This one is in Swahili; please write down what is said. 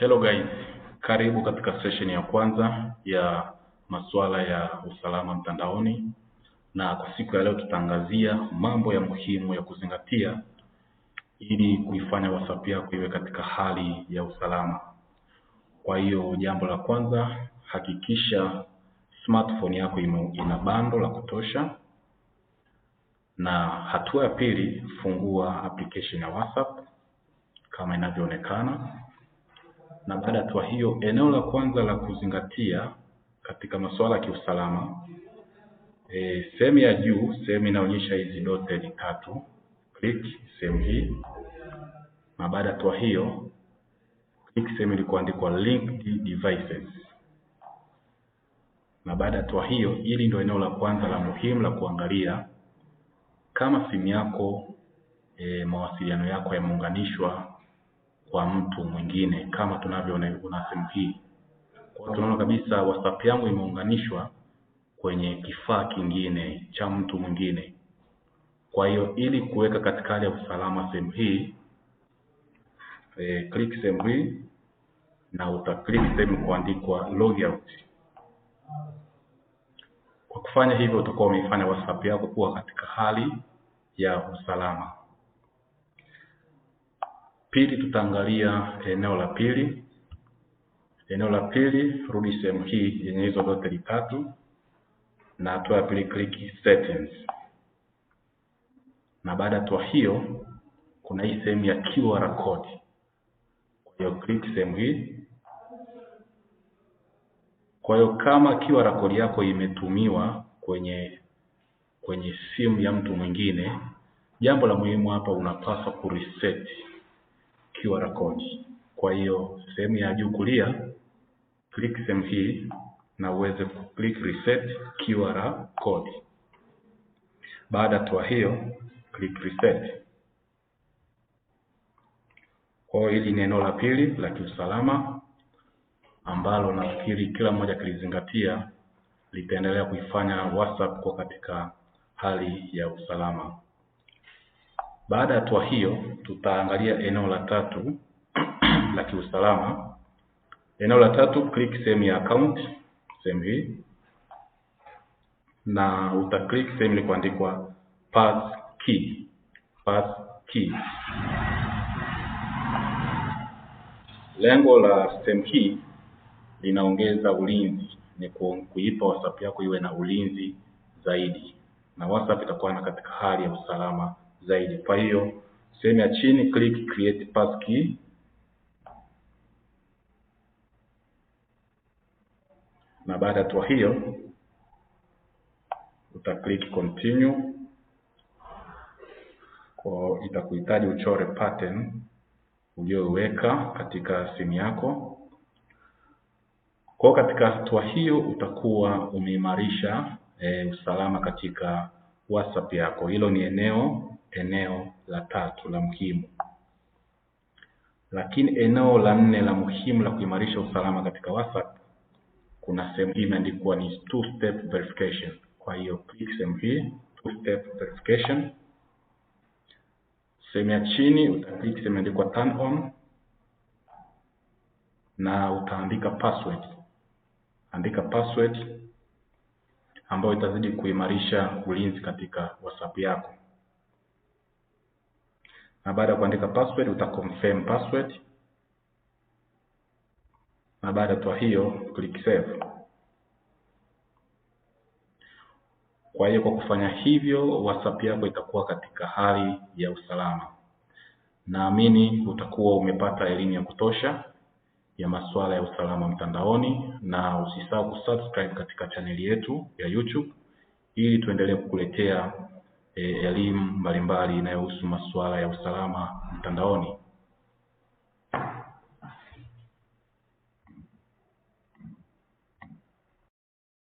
Hello guys, karibu katika session ya kwanza ya masuala ya usalama mtandaoni, na kwa siku ya leo tutaangazia mambo ya muhimu ya kuzingatia ili kuifanya WhatsApp yako iwe katika hali ya usalama. Kwa hiyo jambo la kwanza, hakikisha smartphone yako ina bando la kutosha, na hatua ya pili, fungua application ya WhatsApp kama inavyoonekana na baada ya hatua hiyo, eneo la kwanza la kuzingatia katika masuala ya kiusalama e, sehemu ya juu, sehemu inaonyesha hizi ni tatu, click sehemu hii, na baada ya hatua hiyo, click sehemu ilikuandikwa linked devices, na baada ya hatua hiyo, hili ndio eneo la kwanza la muhimu la kuangalia kama simu yako e, mawasiliano yako yameunganishwa kwa mtu mwingine kama tunavyoona sehemu hii. Kwa hiyo tunaona kabisa WhatsApp yangu imeunganishwa kwenye kifaa kingine cha mtu mwingine. Kwa hiyo ili kuweka katika hali ya usalama sehemu hii e, click sehemu hii na uta click sehemu kuandikwa logout. Kwa kufanya hivyo utakuwa umeifanya WhatsApp yako kuwa katika hali ya usalama. Pili, tutaangalia eneo la pili. Eneo la pili, rudi sehemu hii yenye hizo zote tatu, na hatua ya pili click settings. Na baada ya hatua hiyo, kuna hii sehemu ya QR code, kwa hiyo click sehemu hii. Kwa hiyo kama QR code yako imetumiwa kwenye kwenye simu ya mtu mwingine, jambo la muhimu hapa unapaswa kureset QR code. Kwa hiyo sehemu ya juu kulia click sehemu hii na uweze click reset QR code. Baada ya hatua hiyo click reset. Kwa hili ni eneo la pili la kiusalama ambalo nafikiri kila mmoja kilizingatia litaendelea kuifanya WhatsApp kwa katika hali ya usalama. Baada ya hatua hiyo, tutaangalia eneo la tatu la kiusalama. Eneo la tatu, click sehemu ya account, sehemu hii na click sehemu iliyoandikwa pass key, pass key. Lengo la sehemu hii linaongeza ulinzi, ni kuipa WhatsApp yako iwe na ulinzi zaidi, na WhatsApp itakuwa na katika hali ya usalama zaidi. Kwa hiyo sehemu ya chini click create passkey. Na baada ya hatua hiyo uta click continue, kwa itakuhitaji uchore pattern uliyoweka katika simu yako. Kwa katika hatua hiyo utakuwa umeimarisha e, usalama katika WhatsApp yako. Hilo ni eneo eneo la tatu la muhimu. Lakini eneo la nne la muhimu la kuimarisha usalama katika WhatsApp, kuna sehemu hii imeandikwa ni two step verification. Kwa hiyo click sehemu hii two step verification. Sehemu ya chini utaklik sehemu imeandikwa turn on na utaandika password. Andika password ambayo itazidi kuimarisha ulinzi katika WhatsApp yako na baada ya kuandika password uta confirm password, na baada ya hiyo click save. Kwa hiyo kwa kufanya hivyo, WhatsApp yako itakuwa katika hali ya usalama. Naamini utakuwa umepata elimu ya kutosha ya masuala ya usalama mtandaoni, na usisahau kusubscribe katika chaneli yetu ya YouTube ili tuendelee kukuletea Eh, elimu mbalimbali inayohusu masuala ya usalama mtandaoni.